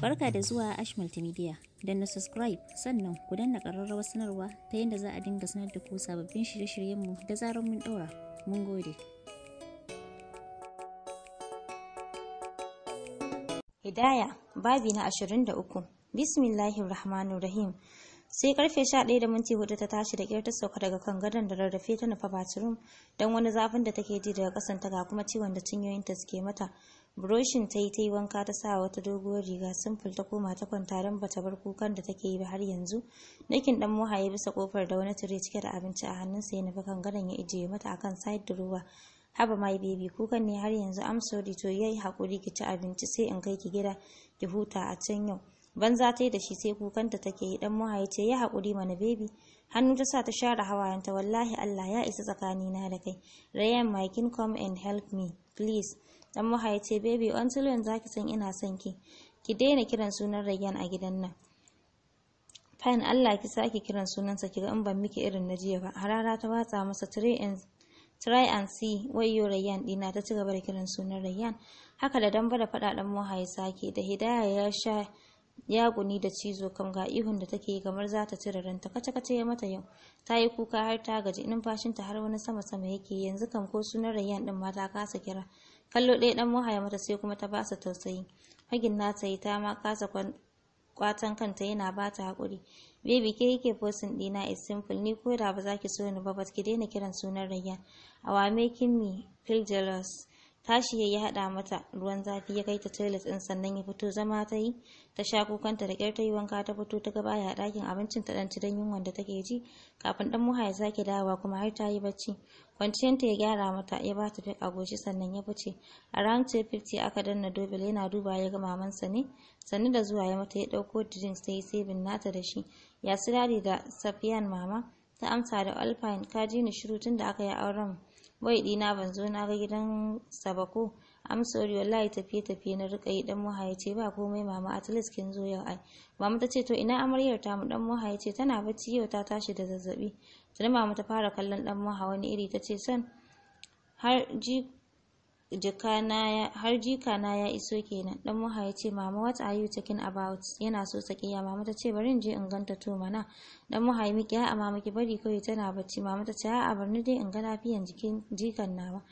Barka da zuwa Ash Multimedia. Don na subscribe sannan ku danna ƙararrawar sanarwa ta yadda za a dinga sanar da ku sababbin shirye-shiryenmu da zarar mun ɗora. Mun gode. Hidaya, babi na 23. Bismillahir Rahmanir Rahim. Sai karfe 11 da minti hudu ta tashi da ƙyar ta sauka daga kan gadon da rarrafe ta nufa bathroom don wani zafin da take ji daga kasanta ga kuma ciwon da cinyoyinta suke mata. Buroshin ta yi ta yi wanka ta sa wata doguwar riga simfil ta koma ta kwanta don ba ta bar kukan da take yi ba har yanzu. Nakin dan muha ya bisa kofar da wani tire cike da abinci a hannunsa ya nufi kan gadon ya ijiye mata akan side drawer. Haba my baby kukan ne har yanzu am sorry to yayi hakuri ki ci abinci sai in kai ki gida ki huta a can yau. Banza ta yi da shi sai kukanta take yi dan muha ya ce ya hakuri mana baby. hannu ta sa ta share hawayenta wallahi Allah ya isa tsakanina da kai rayan my kin come and help me please Dan Moha ce, Baby, until when zaki san ina son ki, ki daina kiran sunan Rayyan a gidan nan. Fine, Allah ki saki kiran sunansa ki ga in ban miki irin na jiya ba. Harara ta watsa masa try and try and see wayo Rayyan dina ta ci gaba da kiran sunan Rayyan. Haka da damba da fada dan mahaye saki sake da Hidaya ya sha ya guni da cizo kam ga ihun da take kamar za ta cire ranta kace kace ya mata yau ta yi kuka har ta gaji numfashinta har wani sama sama yake yanzu kam ko sunan rayyan din ma ta kasa kira kallo ɗaya ɗan muhaya mata sai kuma ta ba su tausayi hagin ta yi ta ma kasa kwatan kanta yana ba ta haƙuri baby ke yake posting ɗina is simple ni ko da ba za ki so ni ba ba ki daina kiran sunan rayya awa making me feel jealous tashi ya yi haɗa mata ruwan zafi ya kai ta toilet ɗin sannan ya fito zama ta yi ta sha kukanta da ƙyar ta yi wanka ta fito ta gaba ya ɗakin abincin ta ɗanci don yunwan da take ji kafin ɗan muha ya sake dawowa kuma har ta yi bacci kwanciyanta ya gyara mata ya ba ta a goshi sannan ya fice a ran 250 aka danna dobel yana duba ya ga mamansa ne sannu da zuwa ya mata ya ɗauko drinks ta yi sabin nata da shi ya sirari da safiyan mama ta amsa da alpine ka ji ni shiru tun da aka yi auren ɗi dina ban zo na ga gidan sa ba ko am sorry wallahi tafiye tafiye na rika yi dan muha yace ba komai mama at least kin zo yau ai mama ta ce to ina amaryar ta mu dan muha yace tana bacci yau ta tashi da zazzabi tana mama ta fara kallon dan muha wani iri ta ce son har ji har jika na ya iso kenan dan muha ya ce mama what are you talking about yana so sakiya mama ta ce bari in je in ganta to mana dan muhaimi ki a mama ki bari kawai tana bacci mama ta ce a bar ni dai in ga lafiyan jikin jikan nawa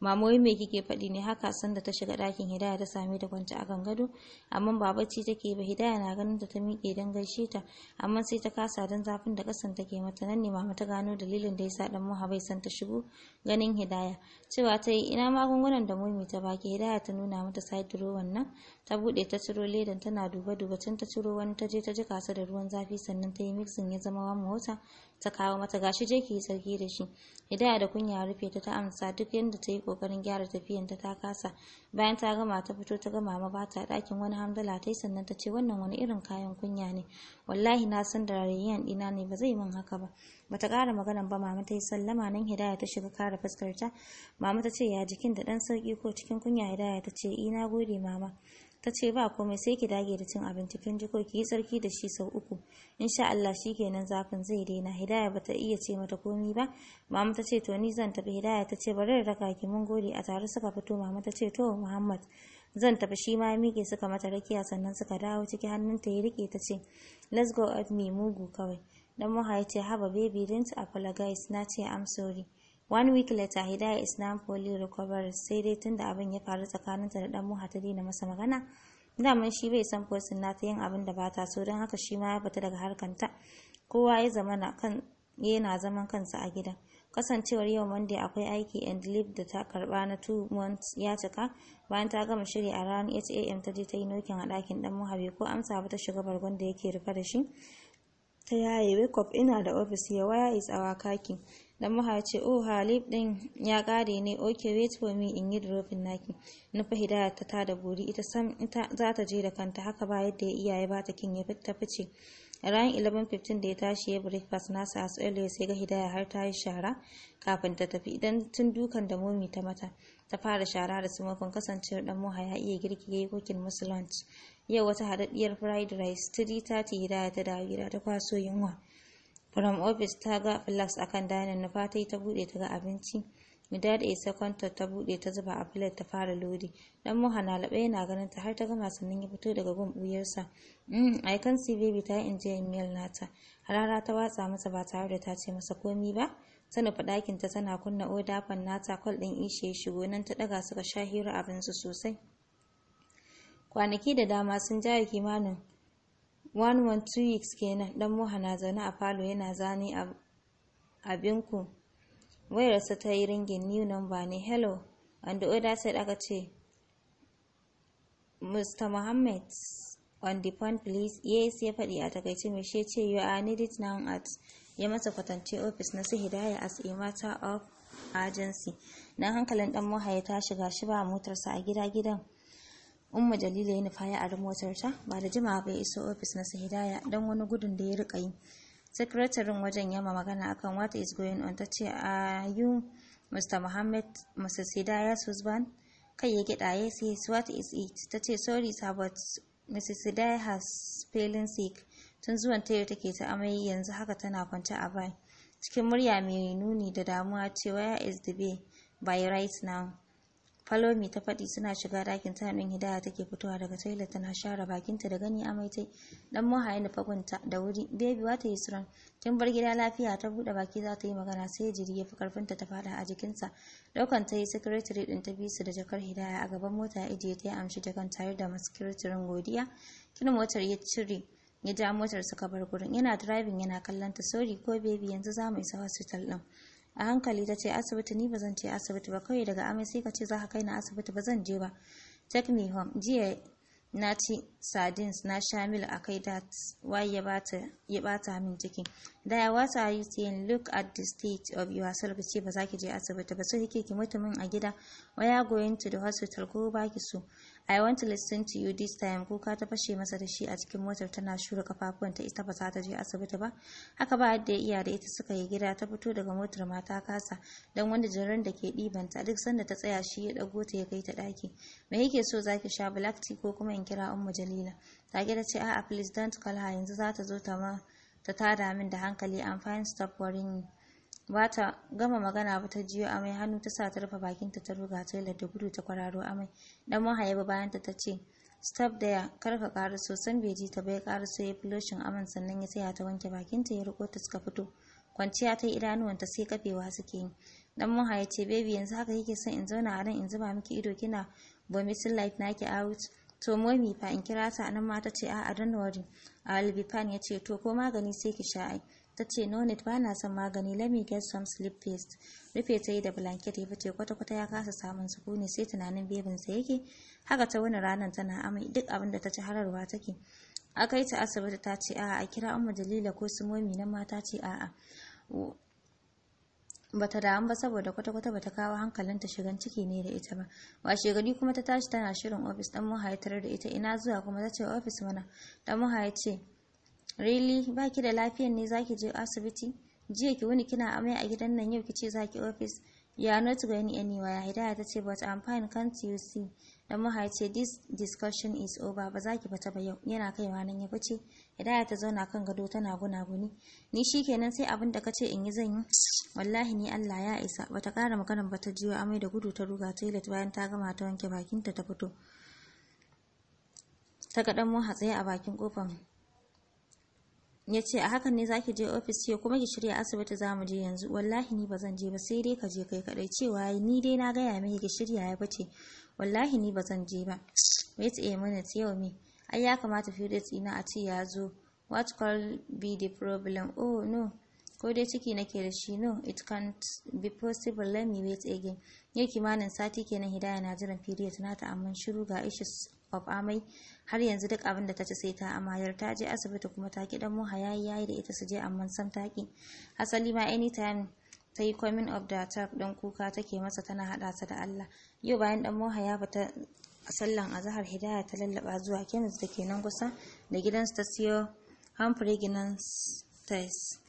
mama wai me kike faɗi ne haka sanda ta shiga ɗakin hidaya ta same da kwance a gangado amma ba bacci take ba hidaya na ganin ta ta miƙe dan gaishe ta amma sai ta kasa dan zafin da kasan take mata nan ne mama ta gano dalilin da yasa dan muha bai san ta shigo ganin hidaya cewa ta yi ina magungunan da momi ta baki hidaya ta nuna mata side drawer nan ta bude ta ciro ledan tana duba duba tun ta ciro wani ta je ta ji kasa da ruwan zafi sannan ta yi mixing ya zama wa mota ta kawo mata gashi je ki sarki da shi hidaya da kunya rufe ta ta amsa duk yadda ta yi kokarin gyara tafiyan ta ta kasa bayan ta gama ta fito ta gama ma bata dakin wani hamdala ta yi sannan ta ce wannan wani irin kayan kunya ne wallahi na san da rayuwan dina ne ba zai min haka ba bata kara magana ba mama ta yi sallama nan hidaya ta shiga kara fuskar ta mama ta ce ya jikin da dan sauki ko cikin kunya hidaya ta ce ina eh, gode mama ta ce ba komai sai ki dage da cin abinci kin ji ko ki yi tsarki da shi sau uku insha Allah shi kenan zafin zai daina hidaya bata iya ce mata komi ba mama ta ce to ni zan tafi hidaya ta ce bari raka ki mun gode a tare suka fito mama ta ce to Muhammad zan tafi shi ma mike suka mata rakiya sannan suka dawo ciki hannunta ya rike ta ce let's go at me mugu kawai dan muha ce haba baby didn't apologize na ce i'm sorry One week later, Hidaya Islam fully recovered sai dai tun da abin ya faru tsakaninta da ɗan Muha ta daina masa magana. Daman shi bai san fosin na ta yin abin da ba ta so don haka shi ma ya fita daga ta Kowa ya zama na kan yana zaman kansa a gidan. kasancewar yau monday akwai aiki and leave da ta karba na two months ya cika bayan ta gama shiri a ranar 8 am ta je ta yi nokin a ɗakin dan muhabi ko amsa ba ta shiga bargon da yake rufe da shi ta yaye wake up ina da office ya waya is awa kaki da maha ce oh halib din ya kare ne okay wait for me in yi dropping naki nufa hidaya ta ta da buri ita sam ita za ta je da kanta haka ba yadda ya iyaye ba ta kin ya fita fice ran 11:15 da ya tashi ya breakfast nasa as early sai ga hidaya har ta yi shara kafin ta tafi idan tun dukan da momi ta mata ta fara shara da sumakon kasancewar dan moha ya iya girki ya yi kokin musu lunch yau wata haɗaɗɗiyar fried rice 3:30 hidaya ta dawo gida ta kwaso yunwa from office ta ga flax akan danin nufa ta yi ta bude ta ga abinci guda da isa kwantar ta bude ta zuba a filet ta fara lodi. Dan Moha na laɓe yana ganin ta har ta gama sannan ya fito daga gun buyarsa. Mm, I can see baby ta enjoy meal nata. Harara ta watsa masa ba tare da ta ce masa komi ba. Ta nufi ɗakin ta tana kunna oda fan nata kwal ɗin ishe shi shigo nan ta ɗaga suka sha hira abinsu sosai. Kwanaki da dama sun jaya kimanin one one two weeks kenan dan muha na zaune a falo yana zane abinku wayarsa ta yi ringin new number ne hello on the other side aka ce mr muhammad on the phone please yes ya faɗi a takaice mai shi ce you are needed now at ya masa kwatance ofis na su hidaya as a matter of agency na hankalin dan muha ya tashi gashi ba motarsa a gida gidan umma jalila ya nufa ya ari motarta ba da jima bai iso ofis na hidaya don wani gudun da ya rika yi sakataren wajen yamma magana akan what is going on ta ce a yi mr muhammad mrs hidaya's husband kai ya gida ya ce what is it ta ce sorry sir but mrs hidaya has feeling sick tun zuwan ta yau take ta amai yanzu haka tana kwanci a bai cikin murya mai nuni da damuwa cewa ya is the bay by right now Falomi ta faɗi suna shiga ɗakin ta ɗin Hidaya take fitowa daga tailor tana share bakinta da gani amai tai. Dan Moha ya nufa da wuri. Baby wata yi suran. Kin bar gida lafiya ta buɗe baki za ta yi magana sai jiri ya fi karfinta ta faɗa a jikinsa. Ɗaukan ta yi secretary ɗin ta bi su da jakar Hidaya a gaban mota ya ijiye ta ya amshi jakan tare da masikirtirin godiya. Kin motar ya cire ya ja motar suka bar gurin. Yana driving yana kallon ta. Sorry ko baby yanzu za mu isa hospital ɗin. a hankali ta ce asibiti ni bazan zan ce asibiti ba kawai daga amai sai ka ce za ka kai na asibiti ba zan je ba take me home jiya na ci sardines na sha mil a kai dat why ya bata min ciki da ya yi yi saying look at the state of your self ce ba za ki je asibiti ba so kike ki mutumin a gida waya going to the hospital ko ba ki so I want to listen to you this time ko ka ta fashe masa da shi a cikin motar tana shura ta ita ba za ta je asibiti ba haka ba yadda ya iya da ita suka yi gida ta fito daga motar mata kasa dan wanda jaran da ke ɗibanta duk sanda ta tsaya shi ya dago ta ya kai ta ɗaki me yake so zaki sha black tea ko kuma in kira ummu jalila take da ce a please don't call her yanzu za ta zo ta ma ta tada min da hankali I'm fine stop worrying bata gama magana ba ta jiyo amai hannu ta sa ta rufe bakin ta ta ruga toilet da gudu ta kwararo amai dan ba bayan ta ce stop daya kar ka so san bai ji ta bai so ya filoshin aman sannan ya tsaya ta wanke bakinta ya riko ta suka fito kwanciya ta idanuwanta sai kafewa suke yi dan mahaya ce baby yanzu haka kike son in zauna a ran in zuba miki ido kina vomiting life naki out to momi fa in kira ta nan ma ta ce a'a don worry will be ya ce to ko magani sai ki sha ai ta ce nonit ba na son magani let me get some sleep paste rufe ta yi da blanket ya fice kwata-kwata ya kasa samun sukuni sai tunanin sa yake haka ta wani ranar tana amai duk abin da ta ci hararwa take a kai ta asibiti ta ce a'a a kira umma dalila ko simomi na mata ce a'a bata damu ba saboda kwata-kwata bata kawo hankalinta shigan ciki ne da ita ba washe gari kuma ta tashi tana shirin ofis dan muha da ita ina zuwa kuma ta ce ofis mana dan muha really ba ki da lafiyan ne za ki je asibiti jiya ki wuni kina amai a gidan nan yau ki ce za ki office you are not going anywhere hidaya ta ce but i'm fine can't you see dan ya ce this discussion is over ba za ki fita ba yau yana kaiwa nan ya fice hidaya ta zauna kan gado tana guna guni ni shi kenan sai abin da ka ce in yi zan yi wallahi ni Allah ya isa bata kara maganar ba ta jiyo amai da gudu ta ruga toilet bayan ta gama ta wanke bakinta ta fito ta ga dan mu hatsaye a bakin kofar ya ce a hakan ne zaki je ofis ce kuma ki shirya asibiti za mu je yanzu wallahi ni ba zan je ba sai dai ka je kai kadai cewa ni dai na gaya miki ki shirya ya bace wallahi ni ba zan je ba wait a minute yau me ai ya kamata Firdausi ina a ce ya zo what could be the problem oh no ko dai ciki nake da shi no it can't be possible let me wait again yau kimanin sati kenan hidaya na jiran period nata amma shiru ga issues of amai har yanzu duk abin da ta ci sai ta amayar ta je asibiti kuma ta ki mu hayayi yayi da ita su je amma san ta ki asali ma anytime ta yi coming of the attack don kuka take masa tana hada sa da Allah yau bayan dan haya ya fita sallan azhar hidaya ta lallaba zuwa kemis da nan kusa da gidansu ta siyo hand test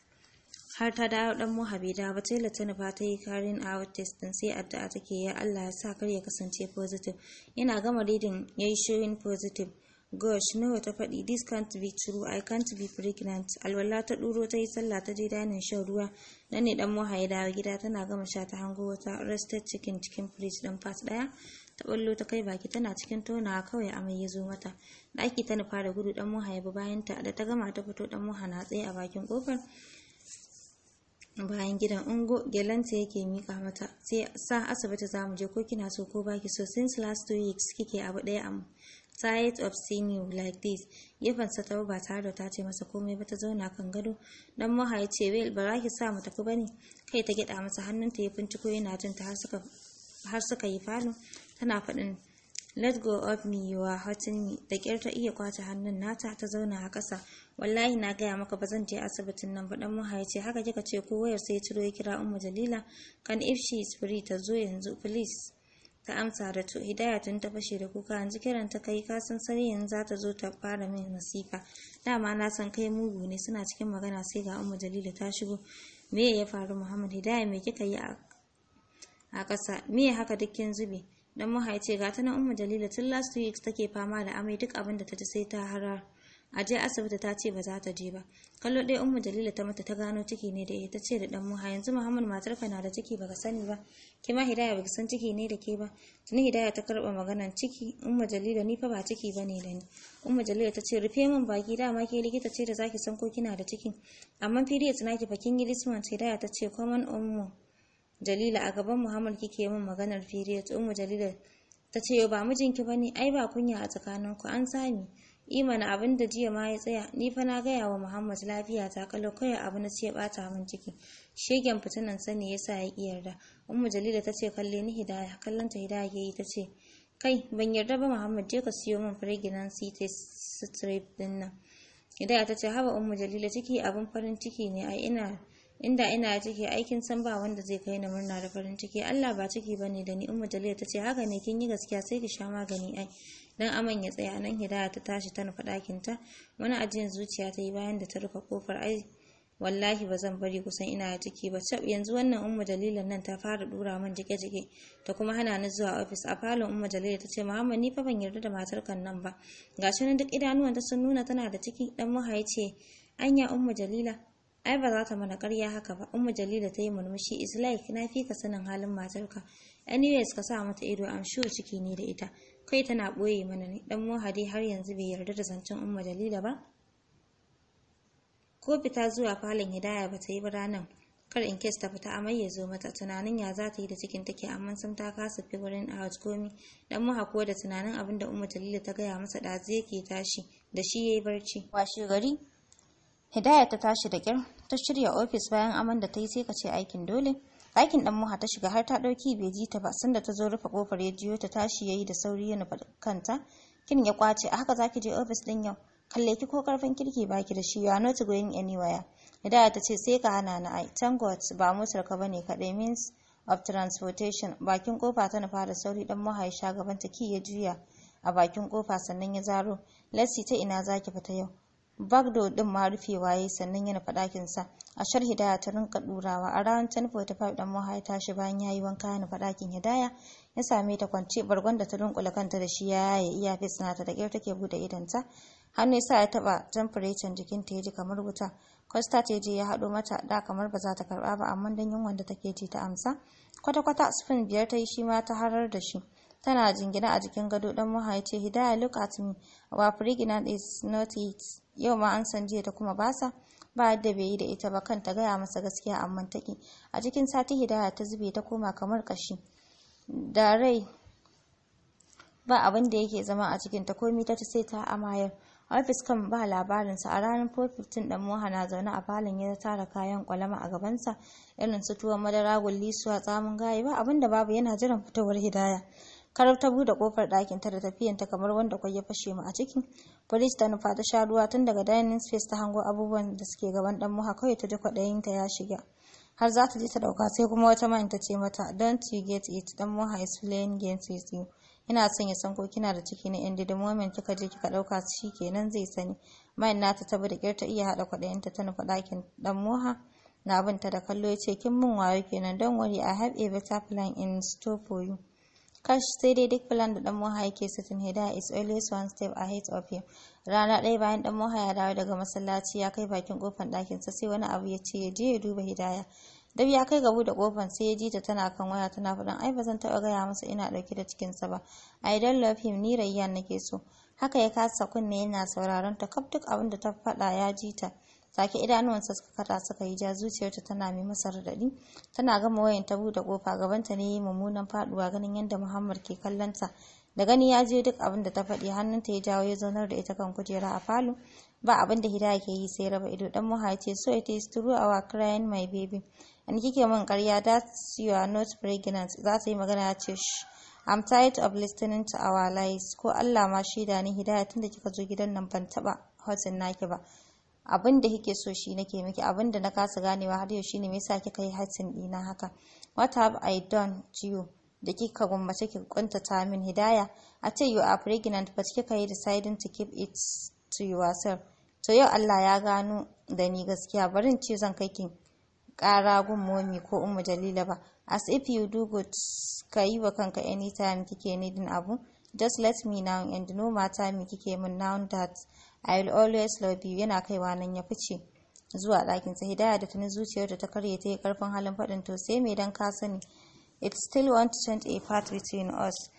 har ta dawo dan Moha bai da ba tela ta nufa ta yi karin hour test din sai addu'a take ya Allah ya sa kar ya kasance positive yana gama reading yayi showing positive gosh nawa ta faɗi this can't be true i can't be pregnant alwala ta duro ta yi sallah ta je danin shan ruwa nan ne dan moha ya gida tana gama sha ta hango wata rested chicken cikin fridge dan fast daya ta ballo ta kai baki tana cikin tonawa kawai amai ya zo mata ɗaki ta nufa da gudu dan moha ya ta ta da ta gama ta fito dan muha na tsaye a bakin kofar bayan gidan ungo gelanta yake mika mata sai sa asibiti za mu je ko kina so ko baki so since last two weeks kike abu daya am tired of seeing you like this ya fansa ta ba tare da ta ce masa komai ba ta zauna kan gado dan maha ya ce well ba ki sa mu tafi bane kai ta gida masa hannunta ya finciko yana jin ta har suka har suka yi falo tana faɗin let go of me you are hurting me da kyar ta iya kwace hannun nata ta zauna a kasa wallahi na gaya maka ba zan je asibitin nan ba dan muhaya ce haka kika ce ko wayar sai ciro ya kira ummu jalila kan if she is free ta zo yanzu please ta amsa da to hidaya tun ta fashe da kuka yanzu kiran ta kai ka san sai yanzu za ta zo ta fara min masifa dama na san kai mugu ne suna cikin magana sai ga ummu jalila ta shigo me ya faru muhammad hidaya me kika yi a kasa me haka dukkin zube dan muha ce ga ta na umma jalila tun last week take fama da amai duk abin da ta ji sai ta harar a je asibiti ta ce ba za ta je ba kallo ɗaya umma jalila ta mata ta gano ciki ne da ita ce da dan muha yanzu muhammad ka na da ciki baka sani ba ke ma hidaya baka san ciki ne da ke ba tuni hidaya ta karba maganan ciki umma jalila ni fa ba ciki bane da ni umma jalila ta ce rufe min baki dama ke likita ce da zaki san ko kina da ciki amma periods naki fa kin yi this hidaya ta ce common ummu Jalila a gaban Muhammad kike min maganar period ummu Jalila ta ce ba mijinki bane ai ba kunya a tsakaninku an sami imana abin da jiya ma ya tsaya ni fa na gaya wa Muhammad lafiya ta kalo kawai abu na ce bata min ciki shegen fitinan sani yasa ya ki yarda ummu Jalila ta ce kalle ni hidaya kallon ta hidaya yayi ta ce kai ban yarda ba Muhammad je ka siyo min firginan city strip din nan hidaya ta ce haba ummu Jalila ciki abin farin ciki ne ai ina inda ina ciki aikin san ba wanda zai kai ni murna da farin ciki Allah ba ciki bane da ni ummu ta tace haka ne kin yi gaskiya sai ki sha magani ai dan aman ya tsaya nan hidaya ta tashi ta nufa dakin ta wani ajiyar zuciya ta yi bayan da ta rufe kofar ai wallahi ba zan bari kusan ina ciki ba cab yanzu wannan ummu dalilan nan ta fara dura min jike-jike ta kuma hana ni zuwa ofis a falon ummu dalila ta ce muhammad ni fa ban yarda da matar kan nan ba gashi nan duk idanuwan ta sun nuna tana da ciki dan muha anya ummu jalila ai ba za ta mana karya haka ba ummu jalila ta yi murmushi is like na fi ka sanin halin matarka anyways ka sa mata ido am sure ciki ne da ita kai tana ɓoye mana ne dan mohadi har yanzu bai yarda da zancen umma jalila ba ko fita zuwa falon hidaya ba ta yi ba ranar kar in kes ta fita amai ya zo mata tunanin ya za ta yi da cikin take amma sam ta kasa a out komi dan muha ko da tunanin abin da umma jalila ta gaya masa da zai ke tashi da shi yayi barci washe gari hidaya ta tashi da kyar ta shirya ofis bayan aman da ta yi sai ka ce aikin dole aikin ɗan muha ta shiga har ta ɗauki bai ji ta ba sanda ta zo rufe kofar ya jiyo ta tashi ya yi da sauri ya nufa kanta kin ya kwace a haka zaki je ofis ɗin yau kalle ki ko karfin kirki baki da shi ya not going anywhere hidaya ta ce sai ka hana na ai tangot ba motar ka bane kaɗai means of transportation bakin kofa ta nufa da sauri ɗan muha ya sha gaban ta ki ya juya a bakin kofa sannan ya zaro lassi ta ina zaki fita yau bagdo din ma rufewa yayi sannan yana fadakin sa a shar hidaya ta rinka durawa a ranar 1045 dan moha ya tashi bayan yayi wanka yana fadakin hidaya ya same ta kwance bargon da ta rinkula kanta da shi ya yaye iya fitsina ta da kyau take bude idanta hannu sa ya taba temperature jikin ta yaji kamar wuta kwasta ta je ya hado mata da kamar ba za ta karba ba amma dan yunwan da take ji ta amsa kwata-kwata spin biyar ta yi shi ma ta harar da shi tana jingina a jikin gado dan moha ce hidaya look at me our pregnant is not it yau ma an san jiya ta kuma basa ba yadda bai yi da ita ba kan ta gaya masa gaskiya amma take a cikin sati hidaya ta zube ta koma kamar kashi da rai ba abin da yake zama a cikin ta komi ta ta sai ta amayar ofis kan ba labarinsa a ranar 415 dan moha na zaune a falon ya tara kayan kwalama a gabansa irin su tuwon madara gulli suwa tsamin gayi ba abin da babu yana jiran fitowar hidaya karar ta bude kofar ɗakin ta da tafiyan ta kamar wanda kwai ya fashe mu a ciki polis ta nufa ta sha ruwa tun daga dining space ta hango abubuwan da suke gaban dan muha kawai ta ji kwaɗayin ta ya shiga. Har za ta je ta ɗauka sai kuma wata man ta ce mata don't you get it dan muha is playing games with you. Ina son ya san ko kina da ciki na yan the moment kika je kika ɗauka shi kenan zai sani. Mayan nata ta bi da ƙyar iya haɗa kwaɗayin ta ta nufa ɗakin dan muha. na binta da kallo ya ce kin min wayo kenan don wari i have a better plan in store for you kash sai dai duk filan da dan moha yake satin hidaya is always one step ahead of him rana ɗaya bayan dan moha ya dawo daga masallaci ya kai bakin kofar ɗakin sa sai wani abu ya ce ya je ya duba hidaya dab ya kai gabu da kofar sai ya ji ta tana kan waya tana faɗin ai ba zan taɓa gaya masa ina ɗauke da cikin sa ba i don't love him ni rayyan nake so haka ya kasa kunne yana sauraron ta kaf duk abin da ta faɗa ya ji ta take idanuwansa suka kada suka yi ja zuciyarta tana mai masa radadi tana gama wayan ta bude kofa gabanta ne yi mummunan faduwa ganin yadda Muhammad ke kallonta da gani ya je duk abin da ta faɗi hannunta ya jawo ya zaunar da ita kan kujera a falo ba abin da hidaya ke yi sai raba ido dan muha ce so it is true our crying my baby an kike min karya that you are not pregnant za ta yi magana ya ce I'm tired of listening to our lies. Ko Allah ma shaida ni hidaya tunda kika zo gidan nan ban taba hotin naki ba. abin da kike so shi nake miki abin da na kasa ganewa har yau shine me yasa kika yi hatin dina haka what have i done to you da kika gwammace ki ta min hidaya a ce you are pregnant but kika yi deciding to keep it to yourself to yau Allah ya gano da ni gaskiya barin ce zan kai ki kara gun momi ko ummu jalila ba as if you do good ka yi wa kanka anytime kike needing abu just let me know and no matter me kike min now that I will always love you yana kaiwa nan ya fice zuwa sa hidaya da tuni zuciyar da ta karye ta yi karfin halin faɗin to sai me dan ka sani it still want to change a part between us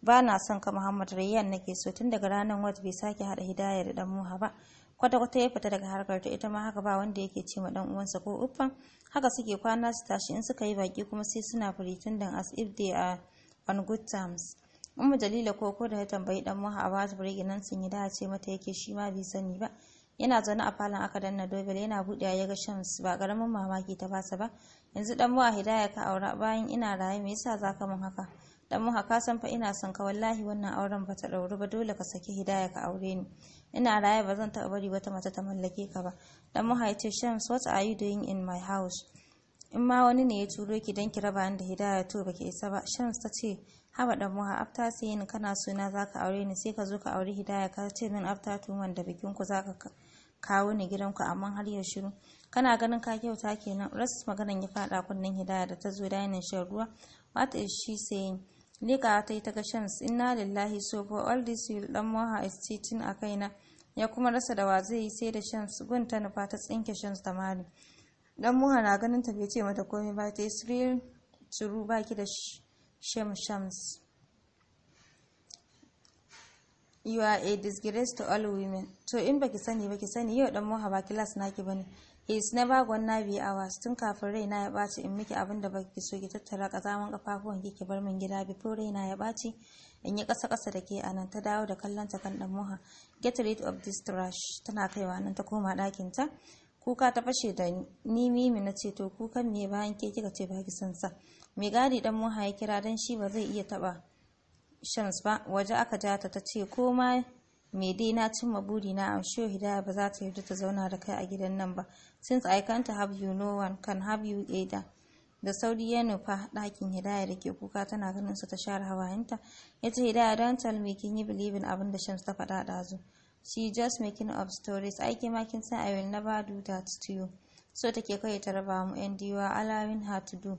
ba son ka Muhammad Rayyan nake so tun daga ranar wat bai sake hada hidaya da dan muha ba kwata kwata ya fita daga harkar ta ita ma haka ba wanda yake ce ma dan uwansa ko uffan haka suke kwana su tashi in suka yi baki kuma sai suna furitin dan as if they are on good terms umma jalila ko ko da ya tambayi dan muha Abbas Burge nan sun yi dace mata yake shi ma bai sani ba yana zaune a falon aka danna dobel yana buɗe ya ga Shams ba karamin mamaki ta basa ba yanzu dan muha Hidaya ka aura bayan ina raye me yasa zaka mun haka dan muha ka san fa ina son ka wallahi wannan auren ba ta dauri ba dole ka saki Hidaya ka aure ni ina raye ba zan taɓa bari wata mata ta mallake ka ba dan muha ya ce Shams what are you doing in my house in ma wani ne ya turo ki don ki raba ni da hidaya to baki isa ba shams ta ce haba dan muha afta sai ni kana suna zaka aure ni sai ka zo ka aure hidaya ka ce min afta tuman da bikin ku zaka kawo ni gidanku amma har ya shiru kana ganin ka kyauta kenan ras maganan ya fada kunnen hidaya da ta zo dainin shan ruwa what is she saying lika ta yi ta ga shams inna lillahi so for all this will dan muha is cheating a kaina ya kuma rasa da wa zai yi sai da shams gun ta nufa ta tsinke shams da mali dan muha na ganin ta bai ce mata komai ba ta yi tsuru baki da shem shams you are a disgrace to all women to in baki sani baki sani yau dan muha ba class naki bane he is never gonna be ours tun kafin rai na ya baci in miki abin da baki so ki tattara kazaman kafafuwan ki ki bar min gida before na ya baci in yi kasa-kasa da ke anan ta dawo da kallon ta kan dan muha get rid of this trash tana kaiwa nan ta koma dakin ta kuka ta fashe da ni mimi na ce to kukan me bayan ke kika ce ki san sa mai gadi dan muha ya kira dan shi ba zai iya taba shams ba waje aka ja ta ce ko ma me dai na cimma buri na am sure hidaya ba za ta yarda ta zauna da kai a gidan nan ba since i can't have you no one can have you either da sauri ya nufa ɗakin hidaya da ke kuka tana ganin su ta share hawayenta ya ce hidaya don tell me kin yi bilibin abin da shams ta faɗa ɗazu she just making up stories I ke ma kin san I will never do that to you so take kawai ta raba mu and you are allowing her to do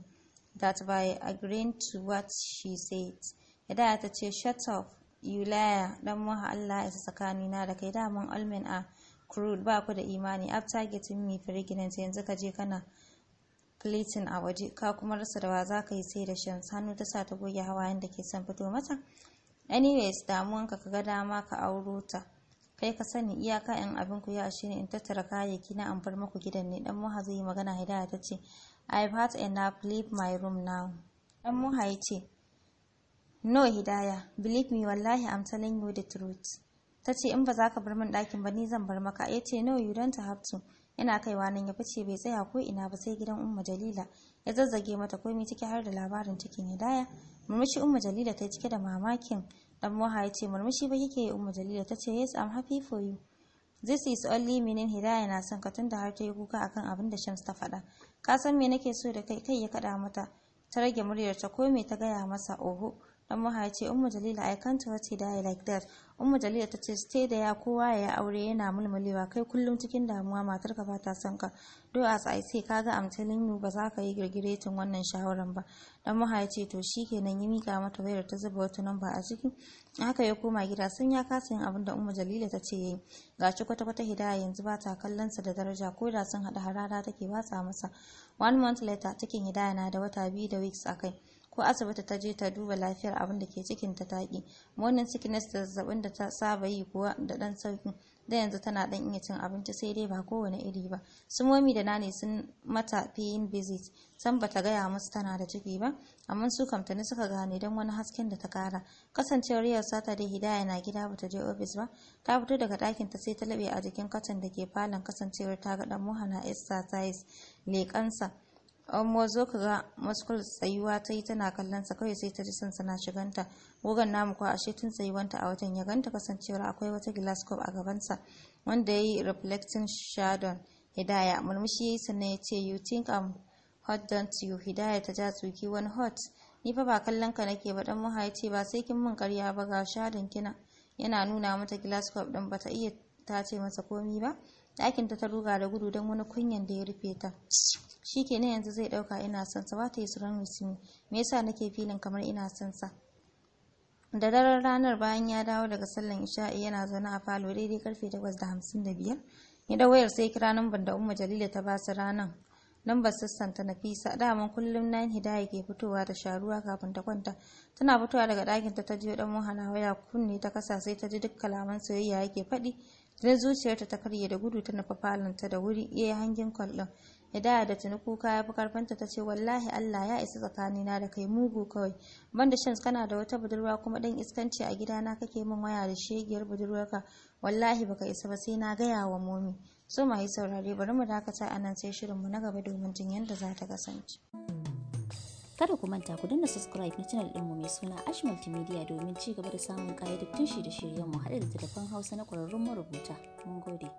that by agreeing to what she said ya ta ce shut up you liar dan maha Allah ya ni na da kai daman almin a crude ba ku da imani after getting me pregnant yanzu ka je kana Clayton a waje ka kuma rasa da wa za ka yi sai da shan hannu ta sa ta goge hawa da ke son fito mata anyways damuwanka ka ga dama ka auro ta kai ka sani iyaka yan abin ku ya ashe ni in tattara kayayyaki na an bar muku gidan ne dan muha zai yi magana hidaya ta ce i've had enough leave my room now dan muha ya ce no hidaya believe me wallahi i'm telling you the truth ta ce in ba za ka bar min ɗakin ba ni zan bar maka ya ce no you don't have to yana kaiwa nan ya fice bai tsaya ko ina ba sai gidan umma jalila ya zazzage mata komai ciki har da labarin cikin hidaya murmushi umma jalila ta yi cike da mamakin Dan muha ya ce murmushi ba kike yi Ummu Jalila ta ce yes I'm happy for you. This is only meaning hira yana son ka tunda har ta yi kuka akan abin da Shams ta faɗa. Ka san me nake so da kai kai ya kaɗa mata. Ta rage muryarta ko me ta gaya masa oho. dan maha ce ummu jalila i can't to die like that ummu jalila ta ce stay da ya kowa ya aure yana mulmulewa kai kullum cikin damuwa matar ka bata son ka do as i say kaga am telling you ba za ka yi girgire girgiretin wannan shawaran ba dan maha ce to shikenan yi mika mata wayar ta zuba wata namba a ciki haka ya koma gida sun ya kasa yin abin da ummu jalila ta ce yayi gashi kwata kwata hidaya yanzu ba ta kallon sa da daraja ko da sun hada harara take watsa masa one month later cikin hidaya na da wata biyu da weeks akai ko asibiti ta je ta duba lafiyar abin da ke cikin ta taƙi wannan sickness da zazzabin da ta saba yi kuwa da ɗan sauki da yanzu tana ɗan iya cin abinci sai dai ba kowane iri ba sumomi momi da nane sun mata paying visit san ta gaya musu tana da ciki ba amma su kamtani suka gane don wani hasken da ta kara kasancewar yau sata da hidaya na gida ba ta je ofis ba ta fito daga ɗakin ta sai ta laɓe a jikin katon da ke falon kasancewar ta ga ɗan muhana exercise leƙansa Amma zo ka ga maskul tsayuwa ta yi tana kallon sa kawai sai ta ji na shiganta. Gogon namu ko ashe tun tsayuwanta a wajen ya ganta kasancewar akwai wata glass a gabansa wanda ya yi reflecting shadow hidaya murmushi ya yi sannan ya ce you think I'm hot don't you hidaya ta ja tsuki wani hot ni fa ba kallon ka nake ba dan muha ya ce ba sai kin min karya ba ga shadon kina yana nuna mata glass din bata iya ta ce masa komi ba ɗakin ta ta ruga da gudu don wani kunyan da ya rufe ta shi kenan yanzu zai ɗauka ina son sa wata wasu ne me yasa nake filin kamar ina son sa da daren ranar bayan ya dawo daga sallan isha'i yana zaune a falo daidai karfe takwas da hamsin da biyar ya da wayar sai kira numban da umma jalila ta basu ranar lambar ta nafisa daman kullum na nan hidaya ke fitowa da sharuwa kafin ta kwanta tana fitowa daga ɗakin ta jiyo dan wahala waya kunne ta kasa sai ta ji duk kalaman soyayya yake faɗi Sai zuciyarta ta karye da gudu ta nufa falonta da wuri iya hangin kwallon. Hidaya da tuni kuka ya fi karfanta ta ce wallahi Allah ya isa na da kai mugu kawai. Banda shan kana da wata budurwa kuma dan iskanci a gidana kake min waya da shegiyar budurwarka wallahi baka isa ba sai na gaya wa momi. So ma yi saurare bari mu dakata nan sai shirinmu na gaba domin jin yadda za ta kasance. Kada ku manta ku danna subscribe na channel ɗinmu mai suna Ash Multimedia domin ci gaba da samun ƙayyadattun shirye-shiryenmu haɗe da telefon Hausa na ƙwararrun marubuta. Mun gode.